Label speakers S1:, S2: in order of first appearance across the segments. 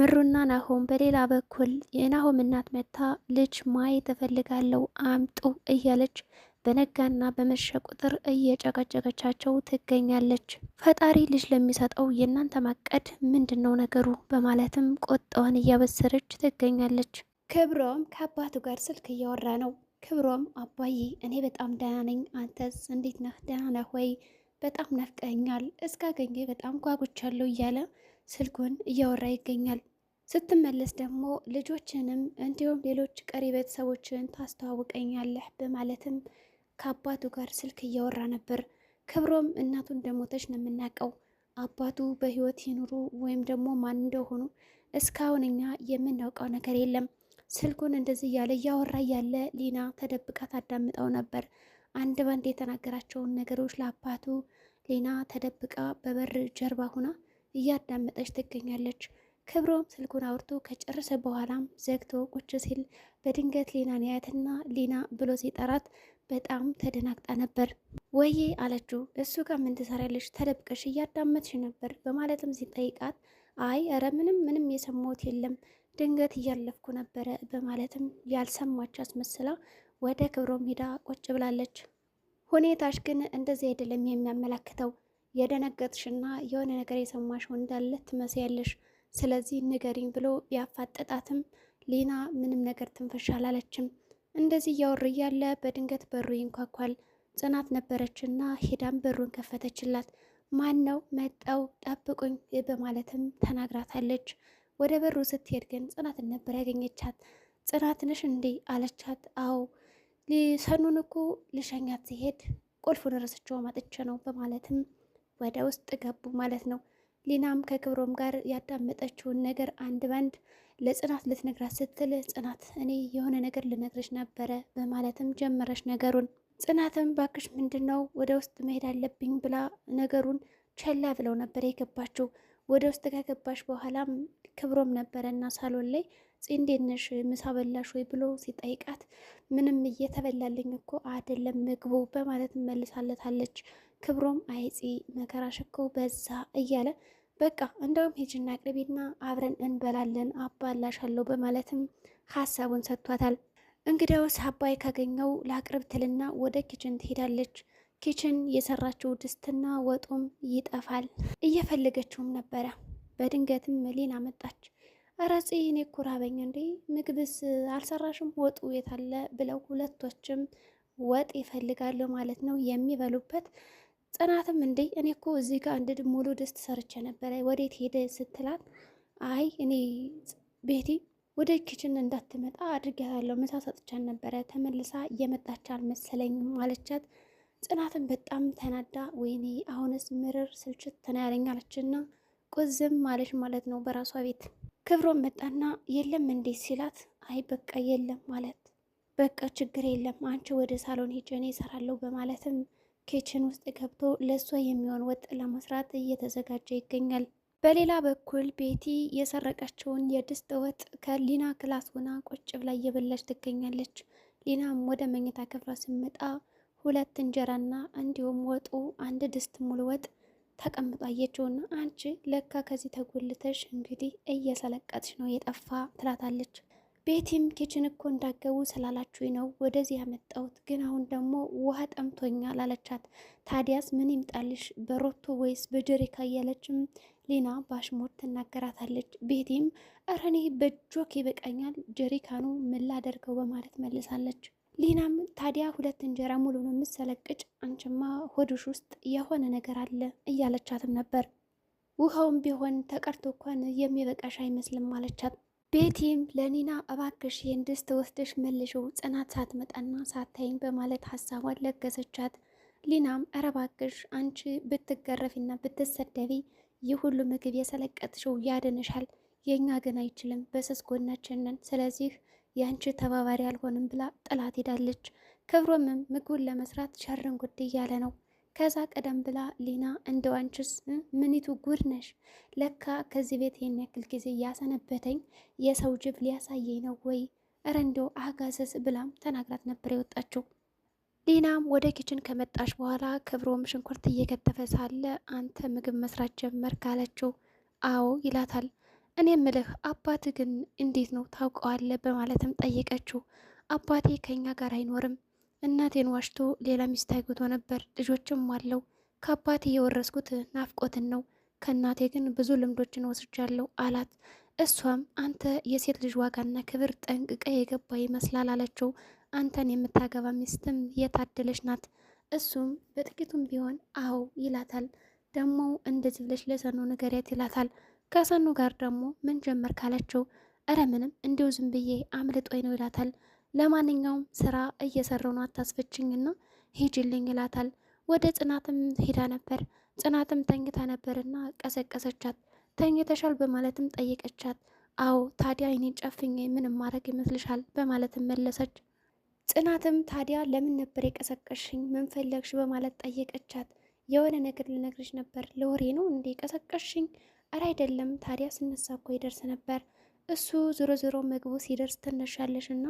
S1: ምሩና ናሆም በሌላ በኩል የናሆም እናት መታ ልጅ ማየት እፈልጋለሁ አምጡ እያለች በነጋና በመሸ ቁጥር እየጨቀጨቀቻቸው ትገኛለች። ፈጣሪ ልጅ ለሚሰጠው የእናንተ ማቀድ ምንድን ነው ነገሩ? በማለትም ቆጣዋን እያበሰረች ትገኛለች። ክብሮም ከአባቱ ጋር ስልክ እያወራ ነው። ክብሮም አባዬ፣ እኔ በጣም ደህና ነኝ፣ አንተስ እንዴት ነህ? ደህና ነህ ወይ? በጣም ነፍቀኛል? እስካገኘ በጣም ጓጉቻለሁ እያለ ስልኩን እያወራ ይገኛል። ስትመለስ ደግሞ ልጆችንም እንዲሁም ሌሎች ቀሪ ቤተሰቦችን ታስተዋውቀኛለህ በማለትም ከአባቱ ጋር ስልክ እያወራ ነበር። ክብሮም እናቱ እንደሞተች ነው የምናውቀው። አባቱ በህይወት ይኑሩ ወይም ደግሞ ማን እንደሆኑ እስካሁን እኛ የምናውቀው ነገር የለም። ስልኩን እንደዚህ እያለ እያወራ እያለ ሊና ተደብቃ ታዳምጠው ነበር። አንድ ባንድ የተናገራቸውን ነገሮች ለአባቱ ሊና ተደብቃ በበር ጀርባ ሁና እያዳመጠች ትገኛለች። ክብሮም ስልኩን አውርቶ ከጨረሰ በኋላም ዘግቶ ቁጭ ሲል በድንገት ሊናን ያያትና ሊና ብሎ ሲጠራት በጣም ተደናግጣ ነበር። ወይዬ አለችው። እሱ ጋር ምን ትሰሪያለሽ? ተደብቀሽ እያዳመጥሽ ነበር በማለትም ሲጠይቃት አይ እረ ምንም ምንም የሰማሁት የለም ድንገት እያለፍኩ ነበረ በማለትም ያልሰማች አስመስላ ወደ ክብሮም ሂዳ ቁጭ ብላለች። ሁኔታሽ ግን እንደዚህ አይደለም የሚያመላክተው የደነገጥሽና የሆነ ነገር የሰማሽው እንዳለ ትመስያለሽ ስለዚህ ንገሪኝ ብሎ ቢያፋጠጣትም ሊና ምንም ነገር ትንፈሻ አላለችም። እንደዚህ እያወሩ እያለ በድንገት በሩ ይንኳኳል። ጽናት ነበረችና ሄዳም በሩን ከፈተችላት። ማን ነው መጣው ጠብቁኝ በማለትም ተናግራታለች። ወደ በሩ ስትሄድ ግን ጽናትን ነበር ያገኘቻት። ጽናትንሽ እንዴ አለቻት። አዎ ሰኑን እኮ ልሸኛት ሲሄድ ቁልፉን ረስቼው መጥቼ ነው በማለትም ወደ ውስጥ ገቡ ማለት ነው። ሊናም ከክብሮም ጋር ያዳመጠችውን ነገር አንድ ባንድ ለጽናት ልትነግራት ስትል ጽናት እኔ የሆነ ነገር ልነግርሽ ነበረ በማለትም ጀመረች ነገሩን። ጽናትም ባክሽ ምንድን ነው ወደ ውስጥ መሄድ አለብኝ ብላ ነገሩን ቸላ ብለው ነበር የገባችው። ወደ ውስጥ ከገባሽ በኋላም ክብሮም ነበረና ሳሎን ላይ እንዴት ነሽ ምሳ በላሽ ወይ ብሎ ሲጠይቃት ምንም እየተበላልኝ እኮ አይደለም ምግቡ በማለት መልሳለታለች። ክብሮም አይፂ መከራ እኮ በዛ እያለ በቃ እንደውም ሂጂና አቅርቢና አብረን እንበላለን አባላሻለሁ በማለትም ሀሳቡን ሰጥቷታል። እንግዲያውስ አባይ ካገኘው ለአቅርብ ትልና ወደ ኪችን ትሄዳለች። ኪችን የሰራችው ድስትና ወጡም ይጠፋል። እየፈለገችውም ነበረ። በድንገትም ሊና መጣች። አረጺ እኔ እኮ ራበኝ እንዴ ምግብስ አልሰራሽም? ወጡ የታለ ብለው ሁለቶችም ወጥ ይፈልጋሉ ማለት ነው የሚበሉበት ጽናትም እንዴ እኔ እኮ እዚህ ጋር አንድ ሙሉ ድስት ሰርቼ ነበረ ወዴት ሄደ ስትላት፣ አይ እኔ ቤቲ ወደ ኪችን እንዳትመጣ አድርጌታለሁ ምሳ ሰጥቻን ነበረ ተመልሳ እየመጣች አልመሰለኝም አለቻት። ጽናትን በጣም ተናዳ ወይኔ አሁንስ ምርር ስልችት ተናያለኝ አለችና ቁዝም ማለች ማለት ነው በራሷ ቤት። ክብሮም መጣና የለም እንዴ ሲላት፣ አይ በቃ የለም ማለት በቃ ችግር የለም አንቺ ወደ ሳሎን ሂጅ እኔ እሰራለሁ በማለትም ኪችን ውስጥ ገብቶ ለእሷ የሚሆን ወጥ ለመስራት እየተዘጋጀ ይገኛል። በሌላ በኩል ቤቲ የሰረቀችውን የድስት ወጥ ከሊና ክላስ ሆና ቁጭ ብላ እየበላች ትገኛለች። ሊናም ወደ መኝታ ክፍሏ ስመጣ ሁለት እንጀራና እንዲሁም ወጡ አንድ ድስት ሙሉ ወጥ ተቀምጦ አየችውና አንቺ ለካ ከዚህ ተጎልተሽ እንግዲህ እየሰለቀትሽ ነው የጠፋ ትላታለች። ቤቲም ኪችን እኮ እንዳገቡ ስላላችሁኝ ነው ወደዚህ ያመጣሁት፣ ግን አሁን ደግሞ ውሃ ጠምቶኛል አለቻት። ታዲያስ ምን ይምጣልሽ በሮቶ ወይስ በጀሪካ እያለችም ሊና ባሽሞር ትናገራታለች። ቤቲም እረ እኔ በጆክ ይበቃኛል፣ ጀሪካኑ ምን ላደርገው በማለት መልሳለች። ሊናም ታዲያ ሁለት እንጀራ ሙሉ ነው የምትሰለቅጭ፣ አንቺማ ሆድሽ ውስጥ የሆነ ነገር አለ እያለቻትም ነበር። ውሃውም ቢሆን ተቀርቶ እንኳን የሚበቃሽ አይመስልም አለቻት። ቤቲም ለኒና እባክሽ ይህን ድስት ወስደሽ መልሽው ጽናት ሳትመጣና ሳታይኝ በማለት ሀሳቧን ለገሰቻት። ሊናም እረ እባክሽ አንቺ ብትገረፊና ብትሰደቢ ይህ ሁሉ ምግብ የሰለቀጥሽው ያድንሻል፣ የእኛ ግን አይችልም፣ በስስ ጎናችን ነን። ስለዚህ የአንቺ ተባባሪ አልሆንም ብላ ጥላት ሄዳለች። ክብሮምም ምግቡን ለመስራት ሸርን ጉድ እያለ ነው። ከዛ ቀደም ብላ ሊና እንደ ዋንችስ ምኒቱ ጉድ ነሽ፣ ለካ ከዚህ ቤት ይህን ያክል ጊዜ እያሰነበተኝ የሰው ጅብ ሊያሳየኝ ነው ወይ ረንዶ አጋዘዝ ብላም ተናግራት ነበር የወጣችው። ሊናም ወደ ኪችን ከመጣች በኋላ ክብሮም ሽንኩርት እየከተፈ ሳለ አንተ ምግብ መስራት ጀመርክ አለችው። አዎ ይላታል። እኔ ምልህ አባት ግን እንዴት ነው ታውቀዋለህ? በማለትም ጠየቀችው። አባቴ ከኛ ጋር አይኖርም እናቴን ዋሽቶ ሌላ ሚስት አግብቶ ነበር። ልጆችም አለው። ከአባቴ የወረስኩት ናፍቆትን ነው። ከእናቴ ግን ብዙ ልምዶችን ወስጃለሁ አላት። እሷም አንተ የሴት ልጅ ዋጋና ክብር ጠንቅቀ የገባ ይመስላል አለችው። አንተን የምታገባ ሚስትም የታደለች ናት። እሱም በጥቂቱም ቢሆን አዎ ይላታል። ደግሞ እንደዚህ ብለሽ ለሰኑ ንገሪያት ይላታል። ከሰኑ ጋር ደግሞ ምን ጀመር ካለችው፣ እረ ምንም እንዲሁ ዝም ብዬ አምልጦኝ ነው ይላታል። ለማንኛውም ስራ እየሰራው ነው አታስፈችኝና ሂጅልኝ ይላታል። ወደ ጽናትም ሄዳ ነበር። ጽናትም ተኝታ ነበርና ቀሰቀሰቻት። ተኝተሻል በማለትም ጠየቀቻት። አዎ ታዲያ አይኔን ጨፍኜ ምንም ማድረግ ይመስልሻል? በማለትም መለሰች። ጽናትም ታዲያ ለምን ነበር የቀሰቀሽኝ? ምን ፈለግሽ? በማለት ጠየቀቻት። የሆነ ነገር ልነግርሽ ነበር። ለወሬ ነው እንዴ ቀሰቀሽኝ? እረ አይደለም። ታዲያ ስነሳ እኮ ይደርስ ነበር። እሱ ዞሮ ዞሮ ምግቡ ሲደርስ ትነሻለሽ እና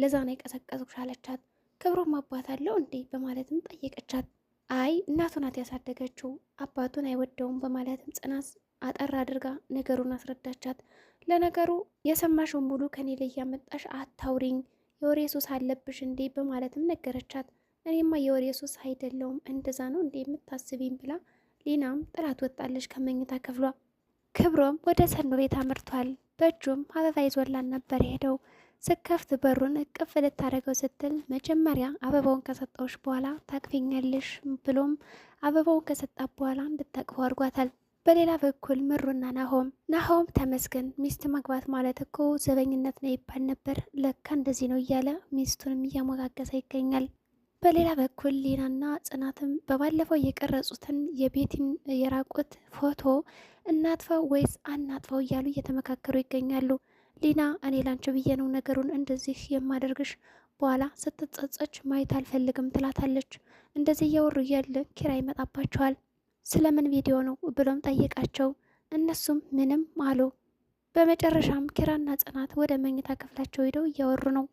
S1: ለዛ ነው የቀሰቀስኩሽ አለቻት። ክብሮም አባት አለው እንዴ በማለትም ጠየቀቻት። አይ እናቱ ናት ያሳደገችው አባቱን አይወደውም በማለትም ጽናት አጠር አድርጋ ነገሩን አስረዳቻት። ለነገሩ የሰማሽውን ሙሉ ከኔ ላይ እያመጣሽ አታውሪኝ፣ የወሬ ሱስ አለብሽ እንዴ በማለትም ነገረቻት። እኔማ የወሬ ሱስ አይደለውም እንደዛ ነው እንዴ የምታስቢኝ ብላ ሊናም ጥላት ወጣለች ከመኝታ ክፍሏ። ክብሮም ወደ ሰኖ ቤት አምርቷል። በእጁም አበባ ይዞላን ነበር ሄደው ስከፍት በሩን እቅፍ ልታደርገው ስትል መጀመሪያ አበባውን ከሰጠዎች በኋላ ታቅፊኛለሽ ብሎም አበባውን ከሰጣት በኋላ እንድታቅፈው አድርጓታል። በሌላ በኩል ምሩና ናሆም ናሆም ተመስገን ሚስት ማግባት ማለት እኮ ዘበኝነት ነው ይባል ነበር፣ ለካ እንደዚህ ነው እያለ ሚስቱንም እያሞጋገሰ ይገኛል። በሌላ በኩል ሊናና ጽናትም በባለፈው የቀረጹትን የቤቲን የራቁት ፎቶ እናጥፈው ወይስ አናጥፈው እያሉ እየተመካከሩ ይገኛሉ። ሊና እኔ ላንቺ ብዬ ነው ነገሩን እንደዚህ የማደርግሽ በኋላ ስትጸጸች ማየት አልፈልግም ትላታለች። እንደዚህ እያወሩ እያለ ኪራ ይመጣባቸዋል። ስለምን ቪዲዮ ነው ብሎም ጠየቃቸው። እነሱም ምንም አሉ። በመጨረሻም ኪራና ጽናት ወደ መኝታ ክፍላቸው ሄደው እያወሩ ነው።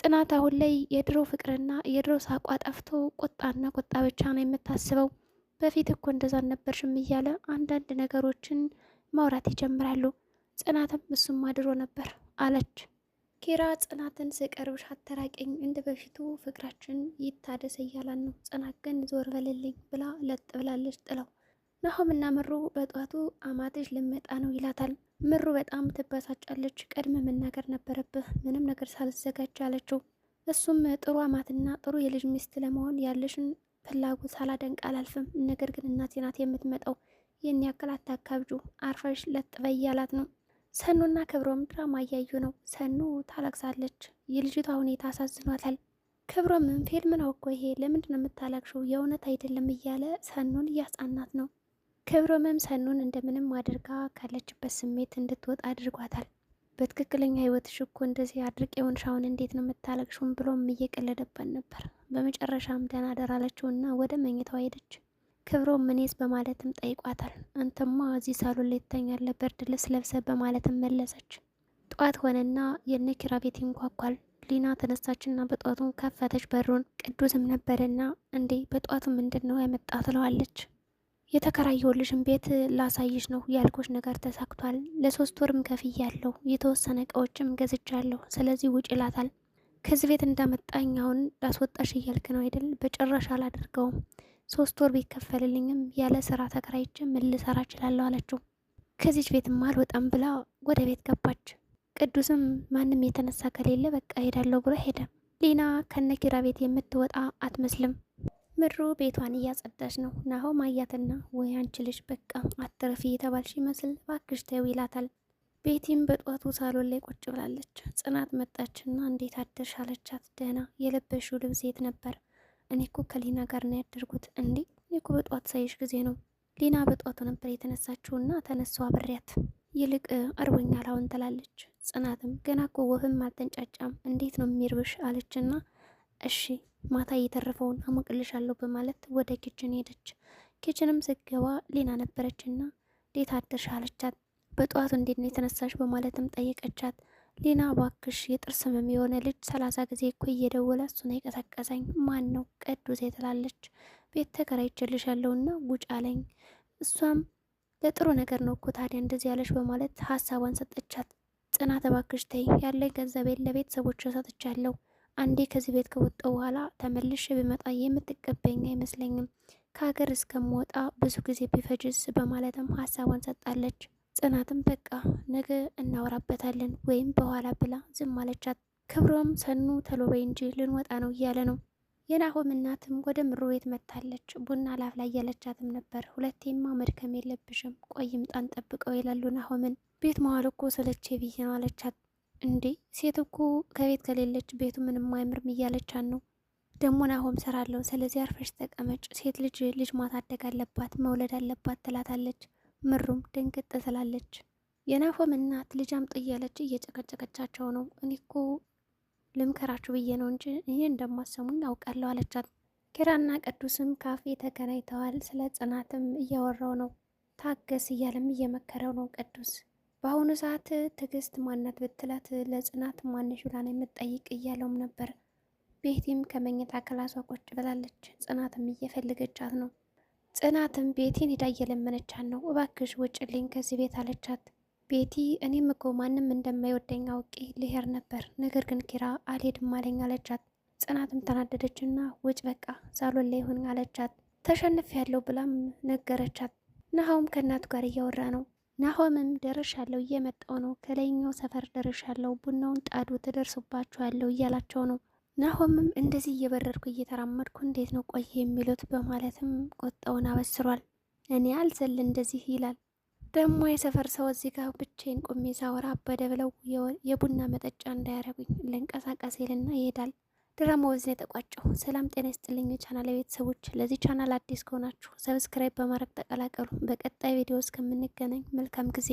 S1: ጽናት አሁን ላይ የድሮ ፍቅርና የድሮ ሳቋ ጠፍቶ ቁጣና ቁጣ ብቻ ነው የምታስበው። በፊት እኮ እንደዛ ነበርሽም እያለ አንዳንድ ነገሮችን ማውራት ይጀምራሉ። ጽናትም እሱም አድሮ ነበር አለች። ኪራ ጽናትን ስቀርብሽ አተራቀኝ እንደ በፊቱ ፍቅራችን ይታደሰ እያላን ነው። ጽናት ግን ዞር በልልኝ ብላ ለጥ ብላለች። ጥለው ናሆምና ምሩ በጧቱ አማትሽ ልመጣ ነው ይላታል። ምሩ በጣም ትበሳጫለች። ቀድመ መናገር ነበረብህ ምንም ነገር ሳልዘጋጅ አለችው። እሱም ጥሩ አማትና ጥሩ የልጅ ሚስት ለመሆን ያለሽን ፍላጎት ሳላደንቅ አላልፍም። ነገር ግን እናቴ ናት የምትመጣው፣ ይህን ያክል አታካብጁ፣ አርፈሽ ለጥ በይ ነው ሰኑና ክብሮም ድራማ እያዩ ነው። ሰኑ ታለቅሳለች። የልጅቷ ሁኔታ አሳዝኗታል። ክብሮምም ፊልም ነው እኮ ይሄ ለምንድን ነው የምታለቅሽው? የእውነት አይደለም እያለ ሰኑን እያጻናት ነው። ክብሮምም ሰኑን እንደምንም አድርጋ ካለችበት ስሜት እንድትወጣ አድርጓታል። በትክክለኛ ህይወትሽ እኮ እንደዚህ አድርቅ የሆንሻውን እንዴት ነው የምታለቅሽውን ብሎም እየቀለደበት ነበር። በመጨረሻም ደህና ደራለችውና ወደ መኝታው ሄደች። ክብሮ ምኔስ በማለትም ጠይቋታል። አንተማ እዚህ ሳሎን ላይ ትተኛለህ ብርድ ልብስ ለብሰ በማለትም መለሰች። ጠዋት ሆነና የነ ኪራ ቤት ይንኳኳል። ሊና ተነሳችና በጠዋቱን ከፈተች በሩን። ቅዱስም ነበረና እንዴ በጠዋቱ ምንድን ነው ያመጣ ትለዋለች። የተከራየሁልሽን ቤት ላሳይሽ ነው ያልኩሽ ነገር ተሳክቷል። ለሶስት ወርም ከፍያለሁ፣ የተወሰነ እቃዎችም ገዝቻለሁ። ስለዚህ ውጭ ይላታል። ከዚህ ቤት እንዳመጣኝ አሁን ላስወጣሽ እያልክ ነው አይደል? በጭራሽ አላደርገውም ሶስት ወር ቢከፈልልኝም ያለ ስራ ተከራይቼ ምን ልሰራ እችላለሁ አለችው። ከዚች ቤትማ አልወጣም ብላ ወደ ቤት ገባች። ቅዱስም ማንም የተነሳ ከሌለ በቃ ሄዳለሁ ብሎ ሄደ። ሊና ከነኪራ ቤት የምትወጣ አትመስልም። ምድሩ ቤቷን እያጸዳች ነው። ናሆም አያትና ወይ አንቺ ልጅ በቃ አትረፊ የተባልሽ ይመስል እባክሽ ተይው ይላታል። ቤቲም በጧቱ ሳሎን ላይ ቁጭ ብላለች። ጽናት መጣችና እንዴት አደርሽ አለቻት። ደህና የለበሽው ልብስ የት ነበር? እኔ እኮ ከሊና ጋር ነው ያደርጉት። እንዴ እኔ እኮ በጧት ሳይሽ ጊዜ ነው ሊና በጧቱ ነበር የተነሳችውና ተነሱ አብሬያት ይልቅ እርቦኛል አሁን ትላለች። ጽናትም ገና እኮ ወፍም አልተንጫጫም እንዴት ነው የሚርብሽ አለችና እሺ ማታ እየተረፈውን አሞቅልሻለሁ በማለት ወደ ኪችን ሄደች። ኪችንም ስገባ ሊና ነበረችና እንዴት አደርሽ አለቻት። በጠዋቱ እንዴት ነው የተነሳሽ በማለትም ጠየቀቻት። ሊና ባክሽ የጥርስ ህመም የሆነ ልጅ ሰላሳ ጊዜ እኮ እየደወለ እሱን የቀሰቀሰኝ ማን ነው? ቅዱሴ ትላለች። ቤት ይችልሽ ያለውና ጉጫ አለኝ። እሷም ለጥሩ ነገር ነው እኮ ታዲያ እንደዚህ ያለሽ በማለት ሀሳቧን ሰጠቻት። ጽናት ባክሽ ተይ፣ ያለኝ ገንዘቤን ለቤተሰቦች ሰጥቻለሁ። አንዴ ከዚህ ቤት ከወጣሁ በኋላ ተመልሼ ብመጣ የምትቀበኝ አይመስለኝም። ከሀገር እስከምወጣ ብዙ ጊዜ ቢፈጅስ በማለትም ሀሳቧን ሰጣለች። ጽናትም በቃ ነገ እናወራበታለን ወይም በኋላ ብላ ዝም አለቻት። ክብሮም ሰኑ ተሎ በይ እንጂ ልንወጣ ነው እያለ ነው። የናሆም እናትም ወደ ምሮ ቤት መጥታለች። ቡና ላይ እያለቻትም ነበር። ሁለቴማ መድከም የለብሽም ቆይም ጣን ጠብቀው ይላሉ ናሆምን። ቤት መዋል እኮ ስለቼ ብዬ ነው አለቻት። እንዴ ሴት እኮ ከቤት ከሌለች ቤቱ ምንም አይምርም እያለቻት ነው። ደግሞ ናሆም ስራ አለው፣ ስለዚህ አርፈሽ ተቀመጭ፣ ሴት ልጅ ልጅ ማሳደግ አለባት መውለድ አለባት ትላታለች። ምሩም ድንግጥ ትላለች። የናሆም እናት ልጃም ጥያለች እያለች እየጨቀጨቀቻቸው ነው። እኔ እኮ ልምከራችሁ ብዬ ነው እንጂ ይሄ እንደማሰሙኝ አውቃለሁ አለቻት። ኪራና ቅዱስም ካፌ ተገናኝተዋል። ስለ ጽናትም እያወራው ነው። ታገስ እያለም እየመከረው ነው ቅዱስ። በአሁኑ ሰዓት ትዕግስት ማናት ብትላት ለጽናት ማንሽ ብላ ነው የምትጠይቅ እያለውም ነበር። ቤቲም ከመኝታ ክላሷ ቁጭ ብላለች። ጽናትም እየፈለገቻት ነው። ጽናትም ቤቲን ሄዳ እየለመነቻት ነው። እባክሽ ውጭልኝ ከዚህ ቤት አለቻት። ቤቲ እኔም እኮ ማንም እንደማይወደኝ አውቄ ልሄር ነበር፣ ነገር ግን ኪራ አልሄድም አለኝ አለቻት። ጽናትም ተናደደችና ውጭ በቃ ሳሎን ላይ ሆን አለቻት። ተሸንፍ ያለው ብላም ነገረቻት። ናሆም ከእናቱ ጋር እያወራ ነው። ናሆምም ያለው እየመጣው ነው፣ ከላይኛው ሰፈር ያለው ቡናውን ጣዱ ያለው እያላቸው ነው። ናሆምም እንደዚህ እየበረርኩ እየተራመድኩ እንዴት ነው ቆይ የሚሉት በማለትም ቁጣውን አበስሯል። እኔ አልዘል እንደዚህ ይላል። ደግሞ የሰፈር ሰው እዚህ ጋር ብቻዬን ቁሜ ሳወራ አበደ ብለው የቡና መጠጫ እንዳያረጉኝ ልንቀሳቀስ ይልና ይሄዳል። ድራማው በዚህ የተቋጨው። ሰላም ጤና ይስጥልኝ ቻናል ቤተሰቦች። ለዚህ ቻናል አዲስ ከሆናችሁ ሰብስክራይብ በማድረግ ተቀላቀሉ። በቀጣይ ቪዲዮ እስከምንገናኝ መልካም ጊዜ